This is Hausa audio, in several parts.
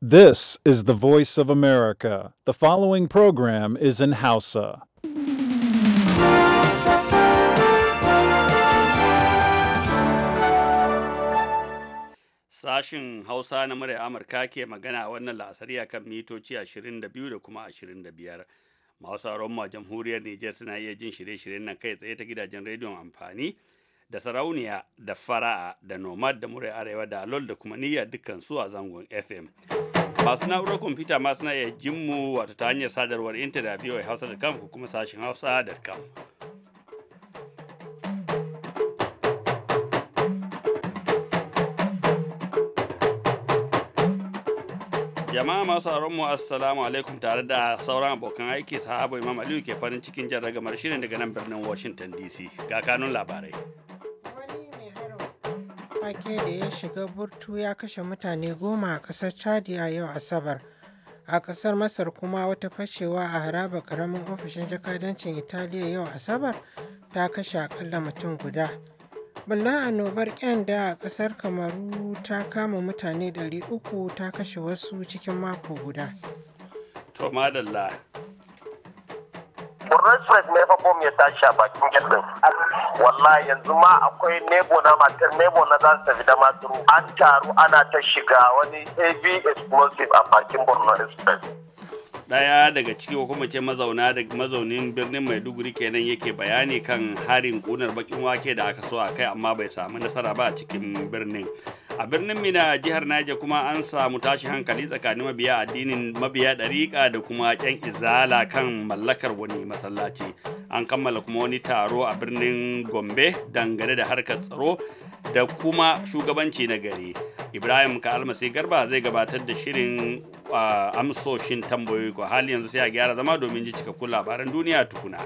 This is the voice of America. The following program is in Hausa. Sashin Hausa na murya Amurka ke magana wannan la'asari kan mitoci 22 da kuma 25. Masu sauran ma jamhuriyar Nijar suna iya jin shirye-shiryen nan kai tsaye ta gidajen rediyon amfani. da sarauniya da fara'a da nomad da murai arewa da alol da kuma niyya dukkan su a zangon fm masu na'urar kwamfuta ma suna iya wato ta hanyar sadarwar intanet da kam ko kuma sashen hausa da kam. jama'a masu mu assalamu alaikum tare da sauran abokan aiki sahabo imam aliyu ke farin cikin jan ragamar shirin daga nan birnin washington dc ga kanun labarai wake da ya shiga burtu ya kashe mutane goma a ƙasar chadi a yau asabar a ƙasar masar kuma wata fashewa a haraba ƙaramin ofishin jakadancin italiya yau asabar ta kashe akalla mutum guda bulla annobar kyanda a ƙasar kamaru ta kama mutane 300 ta kashe wasu cikin mako guda to Burnan Street ne fa bom ya tashi a bakin gindin. Wallahi yanzu ma akwai nebo na matar nebo na za su tafi da maturu. An taru ana ta shiga wani AB explosive a bakin Burnan Street. Daya daga ciki ko kuma ce mazauna da mazaunin birnin Maiduguri kenan yake bayani kan harin kunar bakin wake da aka so a kai amma bai samu nasara ba a cikin birnin. a birnin mina jihar naija kuma an samu tashi hankali tsakanin mabiya addinin mabiya ɗariƙa da kuma yan izala kan mallakar wani masallaci an kammala kuma wani taro a birnin gombe dangane da harkar tsaro da kuma shugabanci na gari ibrahim ka almasi garba zai gabatar da shirin amsoshin tambayoyi ko hali yanzu sai a gyara zama domin ji cikakkun labaran duniya tukuna.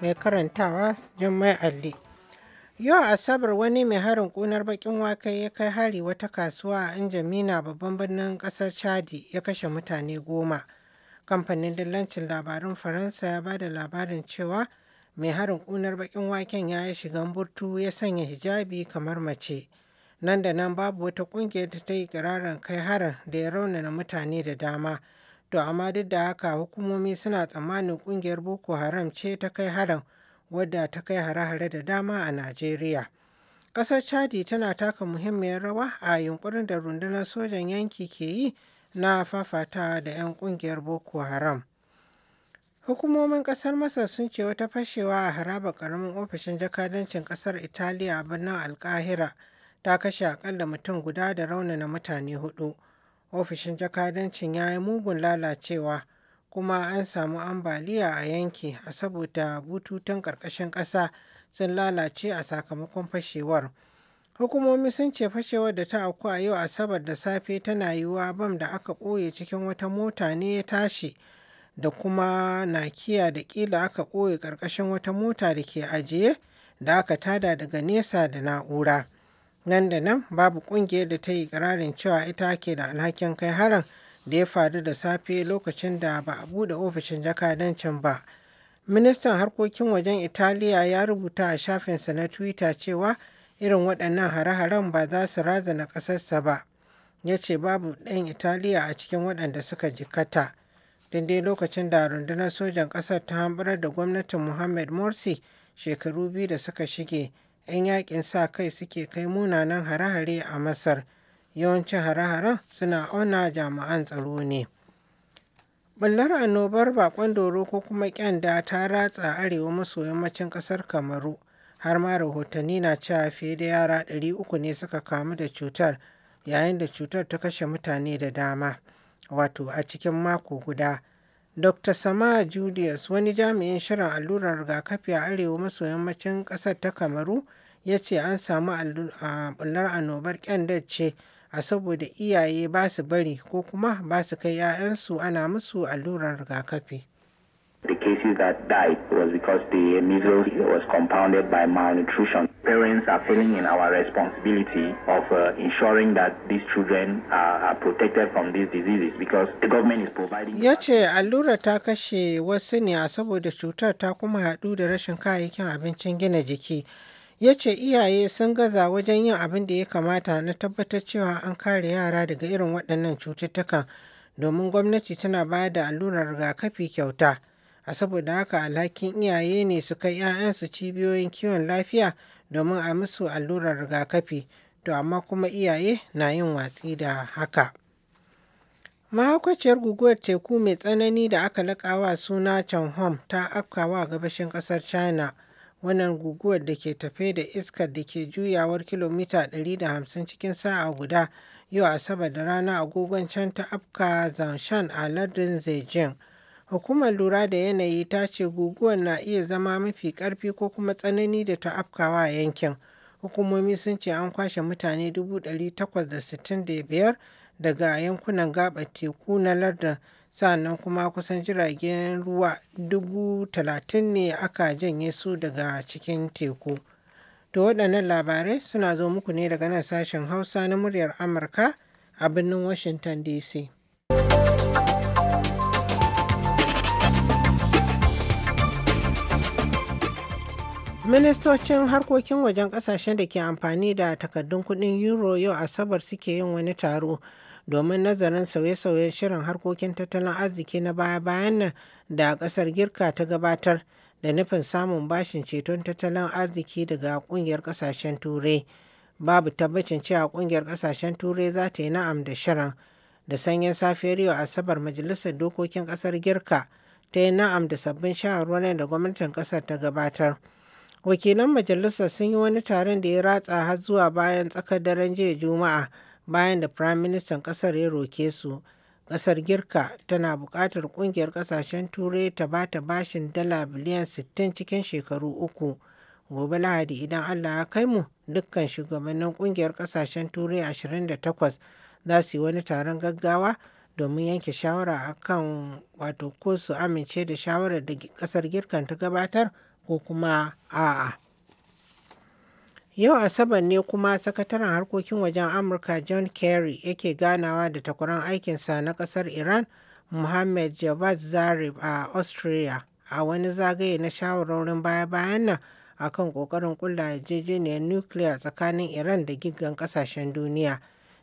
mai karantawa Jummai Alli. Yau Asabar wani mai harin ƙunar bakin wake ya kai hari wata kasuwa a Injamina babban birnin ƙasar Chadi ya kashe mutane goma. Kamfanin dillancin labarun Faransa ya ba da labarin cewa mai harin ƙunar bakin waken ya yi shigan burtu ya sanya hijabi kamar mace. Nan da nan babu wata ƙungiyar da ta yi kai harin da ya raunana mutane da dama. To amma duk da haka hukumomi suna tsammanin kungiyar Boko Haram ce ta kai harin wadda ta kai hare-hare da dama a Najeriya. Ƙasar Chadi tana taka muhimmiyar rawa a yunkurin da rundunar sojan yanki ke yi na fafatawa da 'yan kungiyar Boko Haram. Hukumomin ƙasar Masar sun ce wata fashewa a haraba ƙaramin ofishin jakadancin ƙasar Italiya a birnin Alkahira ta kashe akalla mutum guda da raunana mutane hudu. ofishin jakadancin ya yi mugun lalacewa kuma an samu ambaliya a yanki a saboda bututun ƙarƙashin ƙasa sun lalace a sakamakon fashewar hukumomi sun ce fashewar da ta auku a yau asabar da safe tana yiwuwa bam da aka ɓoye cikin wata mota ne ya tashi da kuma na nakiya da ƙila aka ɓoye ƙarƙashin wata mota da ke ajiye da aka tada daga nesa da na'ura nan da nan babu ƙungiyar da ta yi kararin cewa ita ke da alhakin kai harin da ya faru da safe lokacin da ba a buɗe ofishin jakadancin ba ministan harkokin wajen italiya ya rubuta a shafinsa na twitter cewa irin waɗannan hare-haren ba za su razana ƙasarsa ba ya ce babu ɗan italiya a cikin waɗanda suka jikata dindin lokacin da rundunar sojan ƙasar ta hambarar da gwamnatin Mohammed morsi shekaru biyu da suka shige 'yan yakin sa kai suke kai munanan hare-hare a Masar. Yawancin hare-haren suna auna jami'an tsaro ne. ballar annobar bakon doro ko kuma kyanda ta ratsa arewa maso yammacin ƙasar Kamaru. Har ma rahotanni na cewa fiye da yara 300 ne suka kamu da cutar yayin da cutar ta kashe mutane da dama. Wato a cikin mako guda. Dr. Sama Julius wani jami'in shirin allurar rigakafi a arewa maso yammacin ƙasar ta Kamaru ya ce an samu ɓullar annobar ƙyandar ce a saboda iyaye ba su bari ko kuma ba su kai 'ya'yansu ana musu allurar rigakafi. The cases that died was because the measles was compounded by malnutrition. Parents are failing in our responsibility of uh, ensuring that these children are, are protected from these diseases because the government is providing. Ya ce allura ta kashe wasu ne a saboda cutar ta kuma haɗu da rashin kayayyakin abincin gina jiki. ya ce iyaye sun gaza wajen yin abin da ya kamata na tabbatar cewa an kare yara daga irin waɗannan cututtukan domin gwamnati tana ba da allurar rigakafi kyauta a saboda haka alhakin iyaye ne su kai 'ya'yansu cibiyoyin kiwon lafiya domin a musu allurar rigakafi to amma kuma iyaye na yin watsi da haka mahaukaciyar guguwar teku mai tsanani da aka laƙawa suna chanhom ta afkawa gabashin ƙasar china Wannan guguwar da ke tafe da iskar da ke juyawar kilomita 150 cikin sa'a guda yau Asabar da rana agogon can ta afka Zanshan a lardin zaijin Hukumar lura da yanayi ta ce guguwar na iya zama mafi ƙarfi ko kuma tsanani da ta afkawa a yankin. Hukumomi sun ce an kwashe mutane 865 daga yankunan gaba teku na lardin sannan kuma kusan jiragen ruwa dubu talatin ne aka janye su daga cikin teku to waɗannan labarai suna zo muku ne daga nan sashen hausa na muryar amurka a birnin washington dc ministocin harkokin wajen kasashen da ke amfani da takardun kudin euro yau asabar suke yin wani taro domin nazarin sauye-sauyen shirin harkokin tattalin arziki na baya-bayan nan da ƙasar Girka ta gabatar da nufin samun bashin ceton tattalin arziki daga ƙungiyar ƙasashen Turai. Babu tabbacin cewa ƙungiyar kasashen Turai za ta yi na'am da shirin. Da sanyin safiyar yau Asabar Majalisar Dokokin ƙasar Girka ta yi na'am da sabbin shawarwarin da gwamnatin ƙasar ta gabatar. Wakilan majalisar sun yi wani taron da ya ratsa har zuwa bayan tsakar daren jiya Juma'a. bayan da firaministan ƙasar ya roke su ƙasar girka tana buƙatar ƙungiyar ƙasashen turai ta ba ta bashin dala biliyan 60 cikin shekaru uku gobe lahadi idan allah ya kai mu dukkan shugabannin ƙungiyar ƙasashen turai 28 za su yi wani taron gaggawa domin yanke shawara kan wato ko su amince da shawarar da ƙasar girkan ta gabatar ko kuma a'a. Yau Asabar ne kuma Sakataren Harkokin Wajen Amurka John Kerry yake ganawa da takwaran aikinsa na ƙasar Iran Mohammed Javad Zarif a Austria a wani zagaye na shawarorin baya-bayan nan akan ƙoƙarin ƙulla yarjejeniyar nukiliya tsakanin Iran da giggan ƙasashen duniya.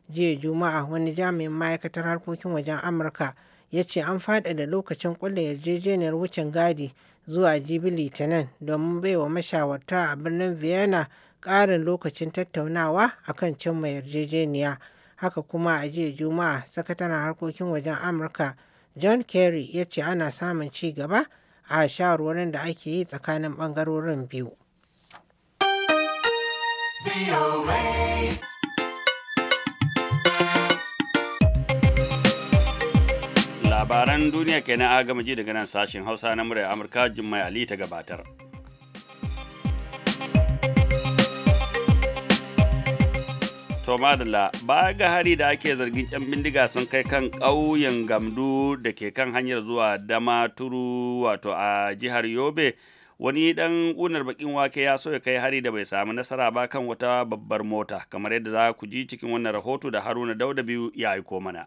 Jiya Juma'a wani jami'in ma'aikatar harkokin wajen Amurka ya ce an faɗaɗa lokacin ƙulla yarjejeniyar wucin gadi zuwa jibi Litinin domin baiwa mashawarta a birnin Vienna ƙarin lokacin tattaunawa a kan cimma yarjejeniya haka kuma a jiya juma'a sakataren harkokin wajen amurka john kerry ya ce ana samun ci gaba a shawarwarin da ake yi tsakanin ɓangarorin biyu labaran duniya kenan a gama ji daga nan sashen hausa na murya amurka jummai ali ta gabatar to madalla ba ga hari da ake zargin yan bindiga sun kai kan ƙauyen gamdu da ke kan hanyar zuwa dama turu wato a jihar yobe wani dan unar bakin wake ya so ya kai hari da bai samu nasara ba kan wata babbar mota kamar yadda za ku ji cikin wannan rahoto da haruna dauda biyu ya aiko mana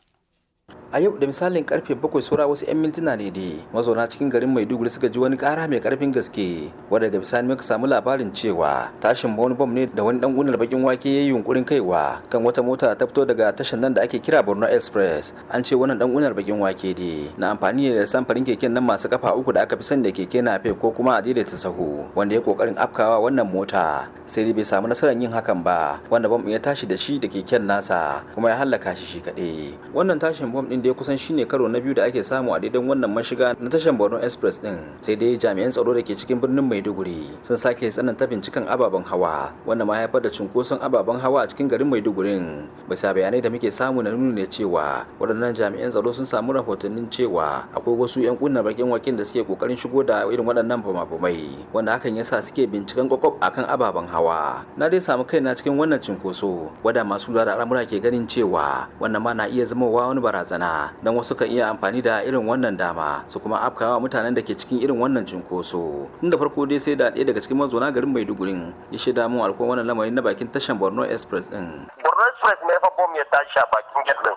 a yau da misalin karfe bakwai saura wasu 'yan mintuna ne dai mazauna cikin garin maiduguri suka ji wani kara mai karfin gaske wadda daga bisani muka samu labarin cewa tashin wani bom ne da wani dan gunar bakin wake ya yi yunkurin kaiwa kan wata mota ta fito daga tashan nan da ake kira borno express an ce wannan dan gunar bakin wake ne na amfani da samfarin keken nan masu kafa uku da aka fi sani da keke nafe ko kuma a ta sahu wanda ya kokarin afkawa wannan mota sai dai bai samu nasarar yin hakan ba wanda bom ya tashi da shi da keken nasa kuma ya hallaka shi shi kaɗai wannan tashin bom Hong din da ya kusan shine karo na biyu da ake samu a daidan wannan mashiga na tashan Borno Express din sai dai jami'an tsaro da ke cikin birnin Maiduguri sun sake tsananta binciken ababen hawa wannan ma haifar da cunkoson ababen hawa a cikin garin Maiduguri bisa bayanai da muke samu na nuna cewa Wadannan jami'an tsaro sun samu rahotannin cewa akwai wasu 'yan kunnar bakin wakin da suke kokarin shigo da irin waɗannan bama-bamai wanda hakan sa suke binciken kwakwab akan ababen hawa na dai samu kaina cikin wannan cunkoso. wada masu lura da al'amura ke ganin cewa wannan ma na iya zama wani barazana barazana don wasu kan iya amfani da irin wannan dama su kuma afkawa mutanen da ke cikin irin wannan cunkoso tun da farko dai sai da ɗaya daga cikin mazauna garin Maiduguri, ya shaida mun alkuwan wannan lamarin na bakin tashan borno express din borno express ne fa ya tashi a bakin gate din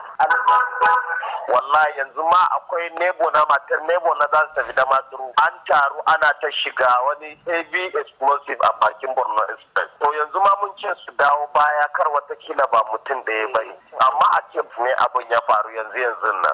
wallahi yanzu ma akwai nebo na matar nebo na za su tafi da an taru ana ta shiga wani heavy explosive a bakin borno express to yanzu ma mun ce su dawo baya kar wata watakila ba mutum da ya bari amma a ne abin ya faru yanzu связана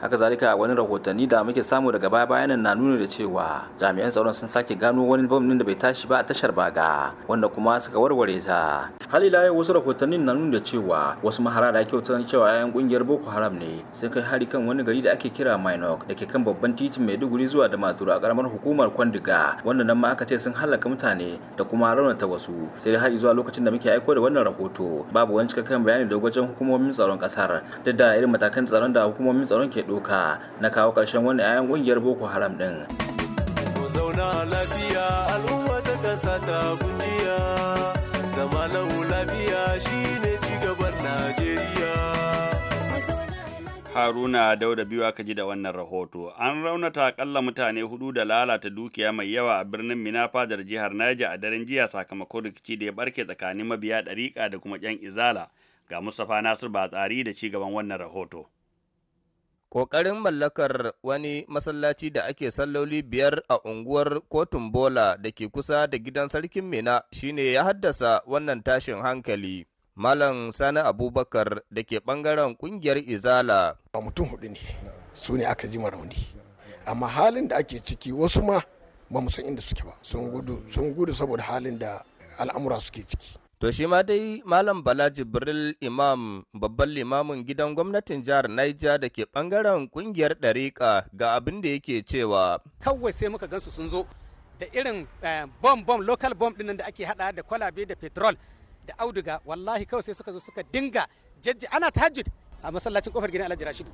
Haka zalika wani rahotanni da muke samu daga baya bayanan na nuna da cewa jami'an tsaron sun sake gano wani bam din da bai tashi ba a tashar baga wanda kuma suka warware ta. Halila yau wasu rahotannin na nuna da cewa wasu mahara da kyautar cewa yayan kungiyar Boko Haram ne sun kai hari kan wani gari da ake kira Minok da ke kan babban titin Maiduguri zuwa da Maturu a karamar hukumar Kwandiga wanda nan ma aka ce sun halaka mutane da kuma raunata wasu sai hari zuwa lokacin da muke aiko da wannan rahoto babu wani cikakken bayani da wajen hukumomin tsaron kasar da da irin matakan tsaron da hukumomin tsaron ke doka na kawo ƙarshen wani 'ya'yan ƙungiyar boko haram ɗin. zauna lafiya al'umma ta ƙasa ta kujiya zama lafiya shine cigaban najeriya Haruna Dauda biyu aka ji da wannan rahoto. An raunata akalla mutane hudu da lalata dukiya mai yawa a birnin Minafa da jihar Naija a daren jiya sakamakon rikici da ya barke tsakanin mabiya ɗariƙa da kuma 'yan izala. Ga Mustapha Nasir Batsari da ci gaban wannan rahoto. Ƙoƙarin mallakar wani masallaci da ake salloli biyar a unguwar Kotun Bola da ke kusa da gidan sarkin Mina shine ya haddasa wannan tashin hankali. Malam Sani Abubakar da ke ɓangaren ƙungiyar Izala. Ba mutum hudu ne, su ne aka ji rauni. Amma halin da ake ciki wasu ma ba mu san inda suke ba, sun gudu saboda halin da al'amura suke ciki. To shi ma dai Malam Bala Jibril Imam babban limamin gidan gwamnatin jihar Niger da ke bangaren kungiyar ɗariƙa ga abin da yake cewa. Kawai sai muka gansu sun zo da irin bom eh, bom local bom ɗin da ake hada da kwalabe da petrol da auduga wallahi kawai sai suka zo suka dinga jajji ana tajid a masallacin kofar gidan Alhaji Rashidu.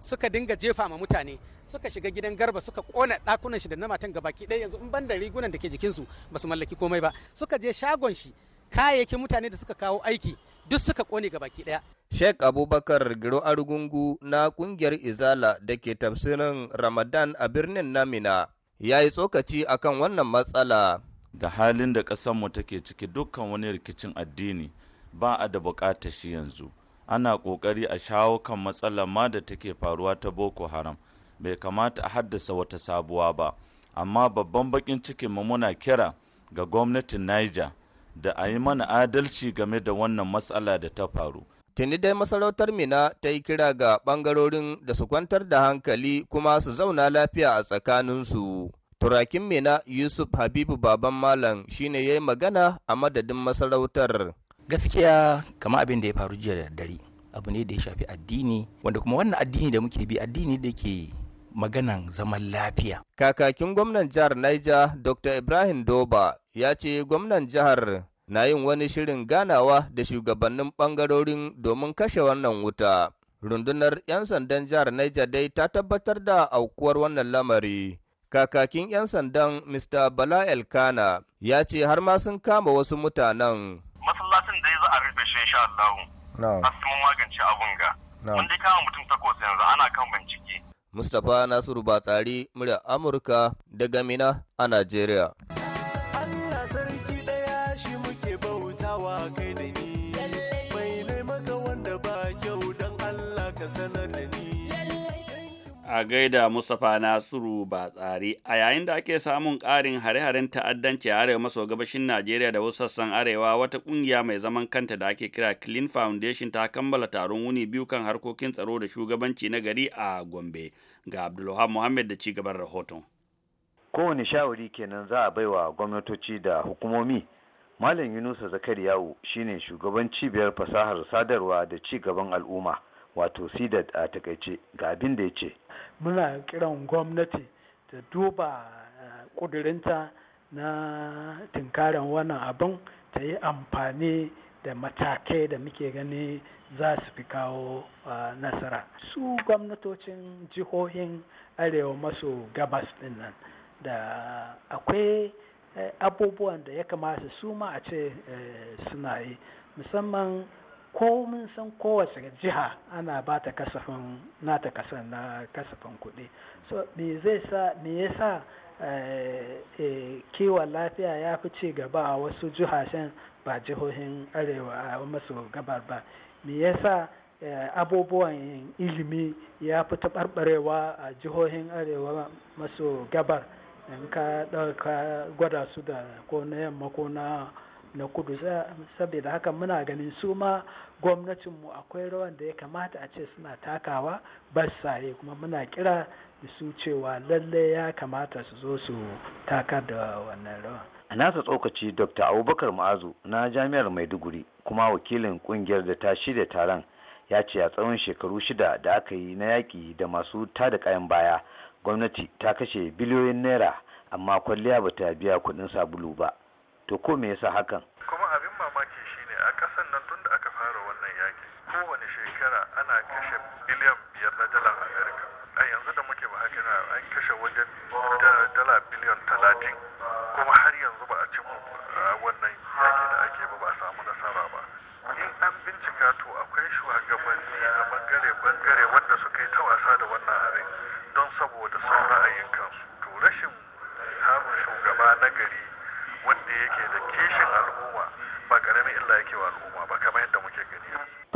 Suka dinga jefa ma mutane suka shiga gidan garba suka kona ɗakunan shi da na matan gabaki ɗaya yanzu in ban da rigunan da ke jikinsu ba su mallaki komai ba suka je shagon shi kayayyakin mutane da suka kawo aiki duk suka kone ga baki daya Sheikh Abubakar Giro Argungu na kungiyar Izala da ke tafsirin Ramadan a birnin Namina ya yi tsokaci akan wannan matsala. Da halin da ƙasarmu take ciki dukkan wani rikicin addini ba a da buƙatar shi yanzu. Ana ƙoƙari a shawo kan matsalar ma da take faruwa ta Boko Haram. Bai kamata a haddasa wata sabuwa ba, amma babban baƙin cikinmu muna kira ga gwamnatin Niger da a yi mana adalci game da wannan matsala da ta faru. Tuni dai masarautar Mina ta yi kira ga ɓangarorin da su kwantar da hankali kuma su zauna lafiya a tsakaninsu. Turakin Mina Yusuf Habibu Baban Malam shine ya yi magana a madadin masarautar. Gaskiya kama abin da ya faru jiya da dare abu ne da ya shafi addini wanda kuma wannan addini da muke bi addini da ke maganan zaman lafiya. Kakakin gwamnan jihar Niger Dr. Ibrahim Doba ya ce gwamnan jihar na yin wani shirin ganawa da shugabannin ɓangarorin domin kashe wannan wuta. Rundunar 'yan sandan jihar Niger dai ta tabbatar da aukuwar wannan lamari. Kakakin 'yan sandan Mr. Bala Elkana ya ce har ma sun kama wasu mutanen. Masallacin da ya za a rufe shi insha Allah. No. magance abun ga. Mun dai kama mutum takwas yanzu ana kan bincike. Mustapha Nasiru Batari, murya Amurka daga Mina a Najeriya. a gaida Mustapha Nasiru Batsari a yayin da ake samun ƙarin hare-haren ta'addanci a arewa maso gabashin Najeriya da wasu sassan arewa wata ƙungiya mai zaman kanta da ake kira Clean Foundation ta kammala taron wuni biyu kan harkokin tsaro da shugabanci na gari a Gombe ga Abdulwahab Muhammad da cigaban rahoton. Kowane shawari kenan za a baiwa gwamnatoci da hukumomi. Malam Yunusa Zakariyawu shine shugaban cibiyar fasahar sadarwa da ci gaban al'umma. wato sidat a takaice ga abin da ya ce muna kiran gwamnati ta duba kudurinta eh, na tinkara wannan abin ta yi amfani da matakai da muke gani za su fi kawo eh, nasara su gwamnatocin jihohin arewa maso gabas din nan da akwai eh, abubuwan da ya kamata su ma a ce suna yi musamman ko mun san kowace jiha ana ba ta kasafin nata kasa na kasafin kuɗi so me zai sa me ya sa eh, eh, kiwon lafiya ya fi ci gaba a wasu jihashen ba jihohin arewa a maso gabar ba me ya sa eh, abubuwan ilimi ya fi taɓarɓarewa a jihohin arewa maso gabar in ka gwada su da ko na yamma ko na na kudu saboda haka muna ganin su ma gwamnatinmu akwai rawan da ya kamata a ce suna takawa basare kuma muna kira da su cewa lalle ya kamata su zo su taka da wannan rawan a nasa tsokaci dr abubakar ma'azu na jami'ar maiduguri kuma wakilin kungiyar da ta shirya taron ya ce a tsawon shekaru shida da aka yi na yaki da masu tada kayan baya gwamnati ta kashe biliyoyin naira amma kwalliya ba ta biya kuɗin sabulu ba to ko me yasa hakan kuma abin mamaki shine a kasan nan tun da aka fara wannan yaki kowane shekara ana kashe biliyan biyar na dalar amerika a yanzu da muke ba haka an kashe wajen dala biliyan talatin kuma har yanzu ba a ci wannan yaki da ake ba ba a samu nasara ba in an bincika to akwai shugabanni a bangare-bangare wanda suka yi ta wasa da wannan abin don saboda sun ra'ayin kansu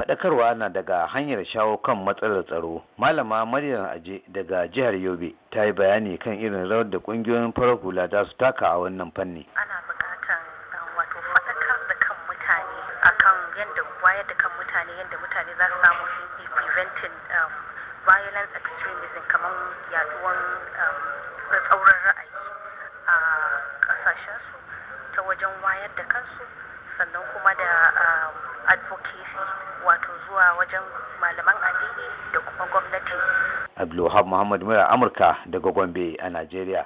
faɗakarwa na daga hanyar shawo kan matsalar tsaro malama maryam aje daga jihar yobe ta yi bayani kan irin rawar da ƙungiyoyin farar hula za su taka a wannan fanni Muhammad Mura Amurka daga Gombe a Najeriya.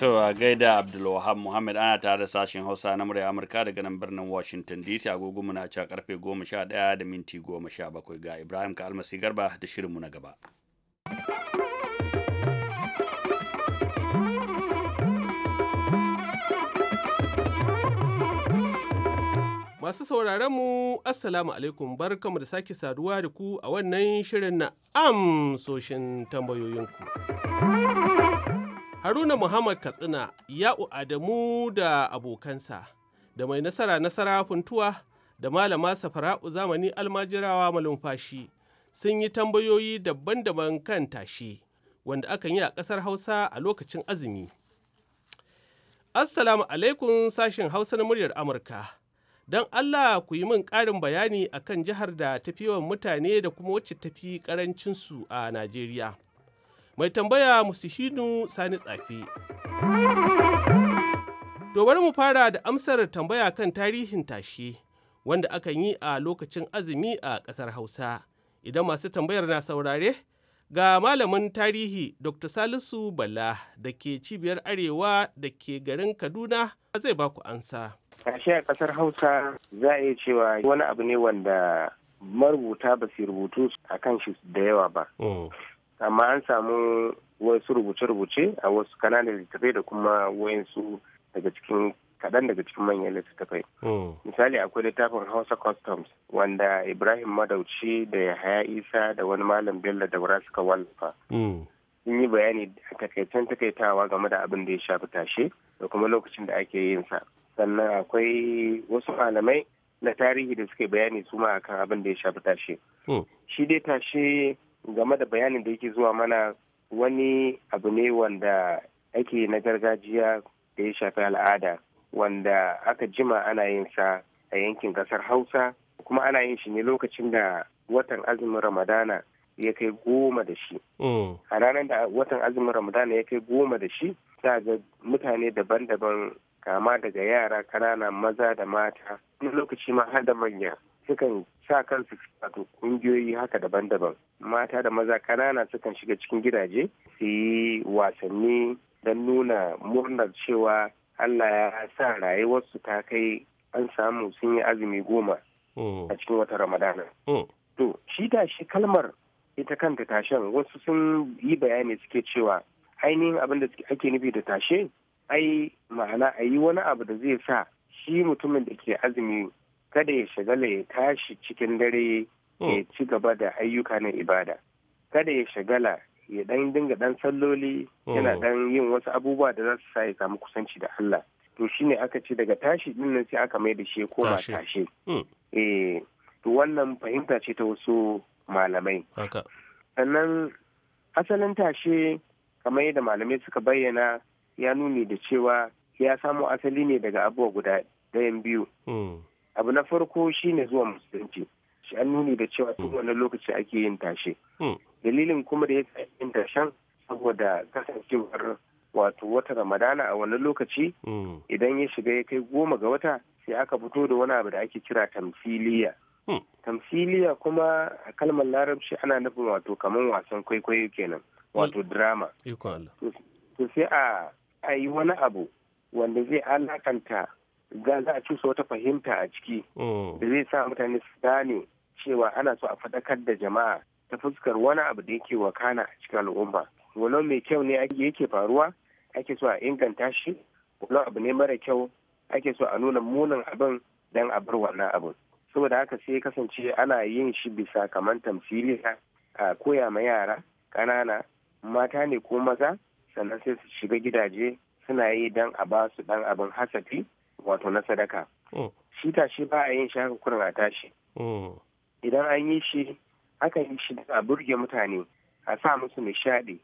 To a gaida Abdulwahab Muhammad ana tare da sashen Hausa na murya Amurka daga nan birnin Washington DC agogo muna cewa karfe 11 da minti 17 ga Ibrahim Kalmasi Garba da shirinmu na gaba. Masu sauraron mu Assalamu alaikum barkamu da sake saduwa da ku a wannan shirin na amsoshin tambayoyinku. Haruna Muhammad Katsina ya'u Adamu da abokansa da mai nasara nasara funtuwa da malama safara'u zamani almajirawa malumfashi sun yi tambayoyi daban-daban kan tashe wanda akan yi a ƙasar Hausa a lokacin azumi. Assalamu alaikum sashen Hausa na muryar Amurka. Don Allah ku yi min ƙarin bayani a kan jihar da tafi yawan mutane da kuma wacce tafi ƙarancinsu a Najeriya. Mai tambaya Musihinu Sani Tsafe. To bari mu fara da amsar tambaya kan tarihin tashe wanda akan yi a lokacin azumi a ƙasar Hausa. Idan masu tambayar na saurare, ga malamin tarihi Dr. Salisu Bala da ke cibiyar Arewa da ke garin Kaduna zai ba ku ansa. Kashi a kasar Hausa za a iya cewa wani abu ne wanda marubuta ba su rubutu a kan shi da yawa ba. Mm. Amma an samu wasu rubuce-rubuce a wasu kananan littattafai da kuma wayansu daga cikin kaɗan daga cikin manyan littattafai. Mm. Misali akwai littafin Hausa Customs wanda Ibrahim Madauci da Yahaya Isa da wani Malam Bello da suka wallafa. Mm. Sun yi bayani a takaitan takaitawa game da abin da ya shafi tashe da kuma lokacin da ake yin sa. sannan akwai wasu malamai na tarihi da suke bayani su ma akan abin da ya shafi tashe hmm. shi dai tashe game da bayanin da yake zuwa mana wani abu ne wanda ake na gargajiya da ya shafi al'ada wanda aka jima ana yin sa a yankin kasar hausa kuma ana yin shi ne lokacin da watan azumin ramadana ya kai goma da shi hmm. a ranar da watan azumin ramadana ya kai goma da shi ga mutane daban-daban kama daga yara kanana maza da mata wani lokaci ma har da manya sukan sa kansu a kungiyoyi haka daban-daban mata da maza kanana sukan shiga cikin gidaje su yi wasanni don nuna murnar cewa Allah ya sa rayuwarsu ta kai an samu sun yi azumi goma hmm. a cikin wata ramadana. Hmm. To, shi da shi kalmar ita kanta tashen wasu sun yi bayani suke cewa ainihin abin da ake nufi da tashe ai ma'ana a yi wani abu da zai sa shi mutumin da ke azumi kada ya shagala ya tashi cikin dare ya hmm. ci gaba da ayyuka na ibada kada ya shagala ya dan dinga dan salloli yana dan hmm. yin wasu abubuwa da za su sa ya samu kusanci da Allah to shine aka ce daga tashi din nan sai aka mai da shi koma tashi hmm. eh to wannan fahimta ce ta wasu malamai sannan asalin tashe kamar yadda malamai suka bayyana ya nuni da cewa ya samo asali ne daga abubuwa guda ɗayan biyu hmm. abu na farko shine zuwa musulunci shi an nuni da cewa tun hmm. wani lokaci ake yin tashe hmm. dalilin kuma da ya yin tashen saboda kasancewar wato wata ramadana a wani lokaci idan ya shiga ya kai goma ga wata sai aka fito da wani abu da ake kira tamsiliya tamsiliya kuma a kalmar larabci ana nufin wato kaman wasan kwaikwayo kenan wato drama to sai a a yi wani abu wanda zai alakanta za a cusa wata fahimta a ciki mm. da zai sa mutane su gane cewa ana so a faɗakar da jama'a ta fuskar wani abu da yake wakana a cikin al'umma walau mai kyau ne yake faruwa ake so a inganta shi walau abu ne mara kyau ake so a nuna munin abin don a bar wannan abin saboda haka sai kasance ana yin shi bisa kamar tamsiliya a koya ma yara ƙanana mata ne ko maza sannan sai su shiga gidaje suna yi don a ba su dan abin hasafi wato na sadaka mm. shi tashi ba a yin shi haka kurin a tashi mm. idan an yi shi aka yi shi a burge mutane a sa musu nishaɗi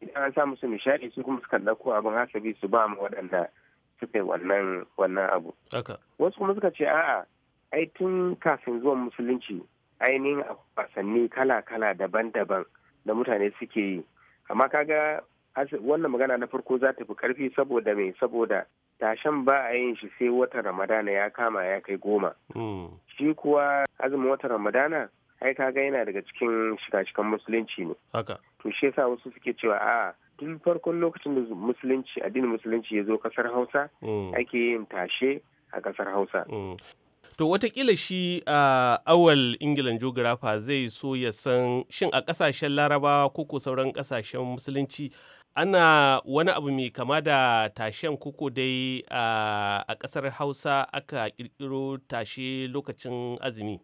idan an sa musu nishaɗi su kuma suka ɗauko abin hasabi su ba mu waɗanda suka wannan abu wasu kuma suka ce a'a ai tun kafin zuwan musulunci ainihin wasanni kala-kala daban-daban da mutane suke yi amma kaga wannan magana na farko za ta fi karfi saboda mai saboda tashen ba a yin shi sai wata ramadana ya kama ya kai goma hmm. shi kuwa azumin wata ramadana ai kaga yana daga cikin shiga shikan musulunci ne to shi yasa wasu suke cewa a tun farkon lokacin da musulunci addinin musulunci ya zo kasar hausa hmm. ake yin tashe a kasar hausa hmm. to watakila shi a awal ingilan geographer zai so ya san shin a kasashen larabawa ko sauran kasashen musulunci ana wani abu mai kama da tashen kuku dai a ƙasar hausa aka ƙirƙiro tashe lokacin azumi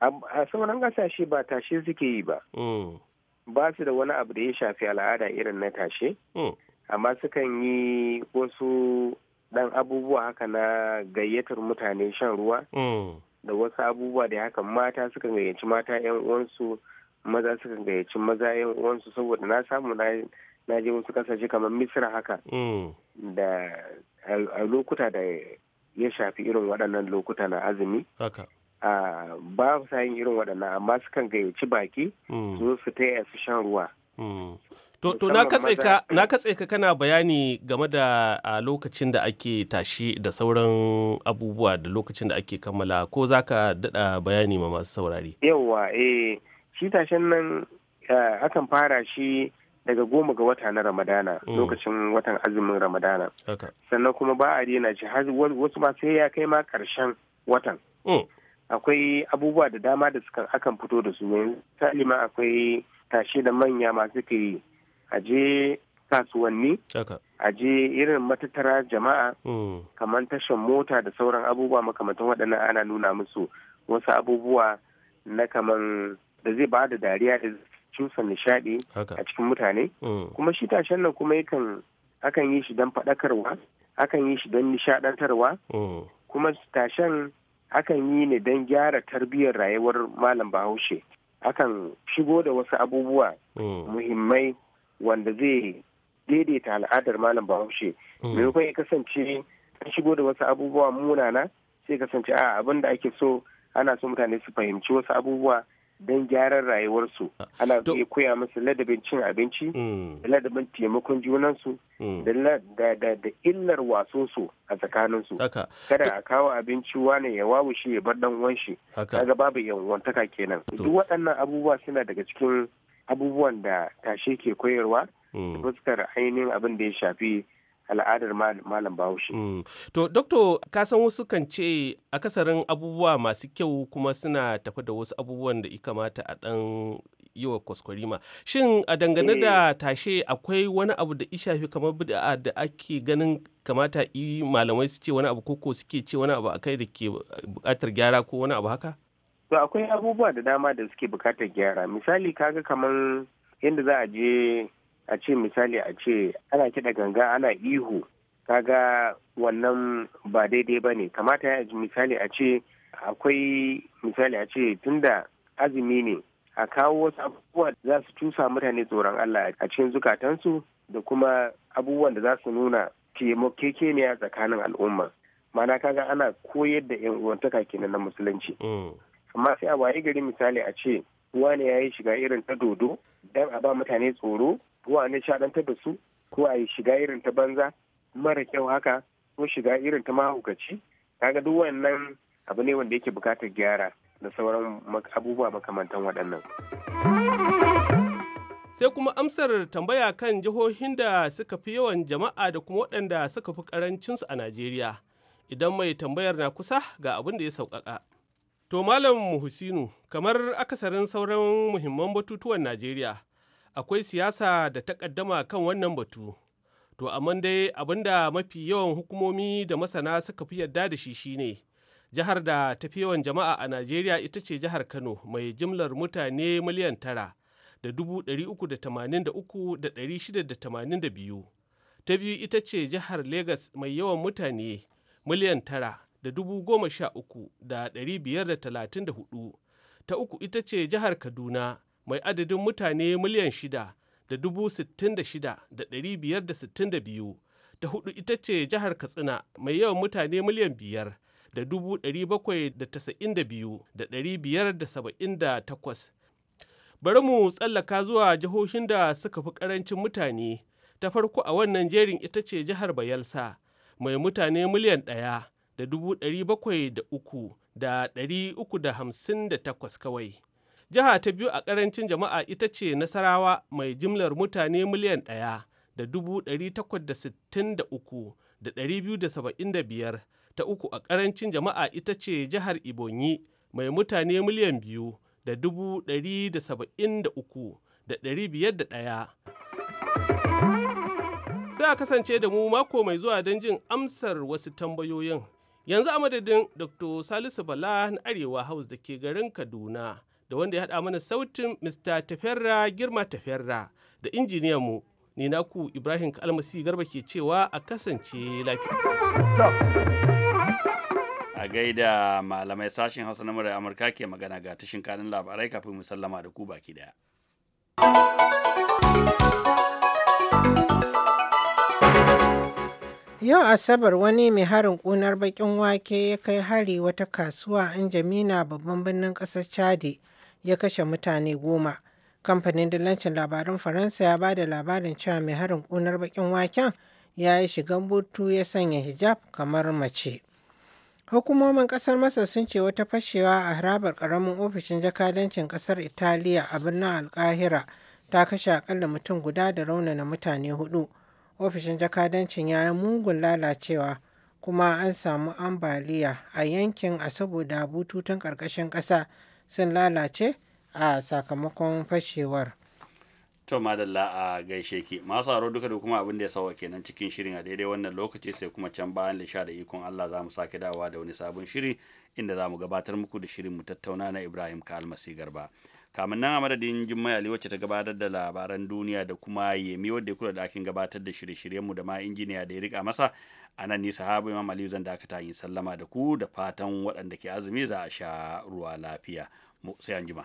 a sauran ƙasashe ba tashe suke yi ba mm. ba su da wani abu da ya shafi al'ada irin na tashe mm. amma sukan yi wasu ɗan abubuwa haka na gayyatar mutane shan ruwa mm. da wasu abubuwa da haka mata sukan gayyaci mata 'yan uwansu maza sukan gayyaci maza 'yan uwansu saboda na samu na na je wasu kasashe kamar misra haka mm. da a lokuta da ya shafi irin waɗannan lokuta na azumi ba sa yin irin waɗannan amma sukan gayyaci baki mm. su su taya su shan ruwa mm. To, to na katse ka kana bayani game da lokacin da ake tashi da sauran abubuwa da lokacin da ake kammala ko za ka daɗa bayani ma masu saurari? Yawwa, eh, shi tashen nan eh, akan fara shi daga goma ga wata na ramadana mm. lokacin watan azumin ramadana sannan kuma ba a daina shi har wasu ma sai ya kai ma karshen watan mm. akwai abubuwa da dama da suka akan fito da su ne. Salima akwai tashe da manya masu ke je kasuwanni A je irin matattara jama'a mm. kamar tashan mota da sauran abubuwa makamantan waɗannan ana nuna musu wasu abubuwa na kaman da zai ba da dariya da cusa nishaɗi a cikin mutane mm. kuma shi tashen nan kuma yakan akan yi shi don faɗakarwa akan yi shi don nishaɗantarwa mm. kuma tashen akan yi ne don gyara tarbiyyar rayuwar malam bahaushe akan shigo da wasu abubuwa mm. muhimmai wanda zai daidaita al'adar malam bahaushe maimakon ya kasance an shigo da wasu abubuwa munana sai kasance a abin da ake so ana so mutane su fahimci wasu abubuwa don gyaran rayuwarsu ah. ana iya koya musu ladabin cin abinci mm. da ladabin taimakon junansu mm. da illar wasonsu a tsakaninsu kada a kawo abinci wane ya wawushe ya bar dan wanshi kaga babu yanwantaka kenan duk waɗannan abubuwa suna daga cikin abubuwan da tashe ke koyarwa mm. fuskar ainihin abin da ya shafi al'adar malam bahaushe. Mm. To, doktor ka san wasu kan ce akasarin abubuwa masu kyau kuma suna tafi da wasu abubuwan da kamata a ɗan yi wa kwaskwarima. Shin a dangane da eh. tashe akwai wani abu da shafi kamar bid'a da ake ganin kamata yi malamai su ce wani abu koko suke ce wani abu akai da ke bukatar gyara ko wani abu haka? To akwai abubuwa da dama da suke buƙatar gyara. Misali kaga kamar yadda za a je a ce misali a ce ana kiɗa ganga ana ihu kaga wannan ba daidai ba ne kamata ya misali a ce akwai misali a ce tunda azumi ne a kawo wasu abubuwa za su cusa mutane tsoron Allah a cikin zukatansu da kuma abubuwan da za su nuna a tsakanin al'umma mana kaga ana koyar da 'yan uwantaka kenan na musulunci mm. amma sai a waye gari misali a ce wani ya yi shiga irin ta dodo don a ba mutane tsoro ko a nishaɗantar da su ko a yi shiga irin ta banza mara kyau haka ko shiga irin ta mahaukaci kaga duk wannan abu ne wanda yake bukatar gyara da sauran abubuwa makamantan waɗannan. Sai kuma amsar tambaya kan jihohin da suka fi yawan jama'a da kuma waɗanda suka fi karancinsu a Najeriya. Idan mai tambayar na kusa ga abin da ya sauƙaƙa. To Malam Husinu, kamar akasarin sauran muhimman batutuwan Najeriya, akwai siyasa da ta ƙaddama kan wannan batu. To amma dai abinda mafi yawan hukumomi da masana suka fi yarda da shi shine jihar da tafiyawan yawan jama'a a Najeriya ita ce jihar Kano mai jimlar mutane miliyan tara da dubu ɗari uku da tamanin da uku da ɗari shida da tamanin da biyu. Ta biyu ita ce jihar Legas mai yawan mutane miliyan tara da dubu goma sha uku da ɗari biyar da talatin da hudu. Ta uku ita ce jihar Kaduna mai adadin mutane miliyan shida da dubu sittin da shida da ɗari biyar da sittin da biyu ta hudu ita ce jihar katsina mai yawan mutane miliyan biyar da dubu ɗari bakwai da tasa'in da biyu da ɗari biyar da saba'in da takwas bari mu tsallaka zuwa jihohin da suka fi ƙarancin mutane ta farko a wannan jerin ita ce jihar bayelsa mai mutane miliyan ɗaya da dubu ɗari bakwai da uku da ɗari uku da hamsin da takwas kawai Jiha ta biyu a ƙarancin jama'a ita ce Nasarawa mai jimlar mutane miliyan ɗaya da dubu ɗari takwas da sittin da uku da ɗari biyu da saba'in da biyar. Ta uku a ƙarancin jama'a ita ce jihar Ibonyi mai mutane miliyan biyu da dubu ɗari da saba'in da uku da ɗari biyar da ɗaya. Sai a kasance da mu mako mai zuwa don jin amsar wasu tambayoyin. Yanzu a madadin Dr. Salisu Bala na Arewa House da ke garin Kaduna. da wanda ya haɗa mana sautin Mr. Tafera Girma Tafera da injiniyan mu ni naku Ibrahim Kalmasi Garba ke cewa a kasance lafiya. A gaida malamai sashen Hausa na murar Amurka ke magana ga tashin kanin labarai kafin mu sallama da ku baki daya. Yau Asabar wani mai harin kunar bakin wake ya kai hari wata kasuwa an jamina babban birnin ƙasar Chadi. ya kashe mutane goma. Kamfanin dillancin labarun Faransa ya ba da labarin cewa mai harin ƙunar baƙin waken ya yi shigan butu ya sanya hijab kamar mace. Hukumomin ƙasar Masar sun ce wata fashewa a harabar ƙaramin ofishin jakadancin ƙasar Italiya a birnin alkahira ta kashe akalla mutum guda da na mutane hudu. Ofishin jakadancin ya yi mugun lalacewa kuma an samu ambaliya a yankin a saboda bututun ƙarƙashin ƙasa sun lalace a sakamakon fashewar. To madalla a gaishe ki masu haro duka da kuma abin da ya sawa kenan cikin shirin a daidai wannan lokaci sai kuma can bayan lisha da ikon Allah za mu sake dawowa da wani sabon shiri inda za mu gabatar muku da shirin mu tattauna na Ibrahim Kalmasi Garba. kamin nan a madadin Jummai Ali wacce ta gabatar da labaran duniya da kuma Yemi wadda ya kula da akin gabatar da shirye-shiryenmu da ma injiniya da ya rika masa a nan ni imam aliyu zan dakata yin sallama da ku da fatan waɗanda ke azumi za a sha ruwa lafiya sai an jima.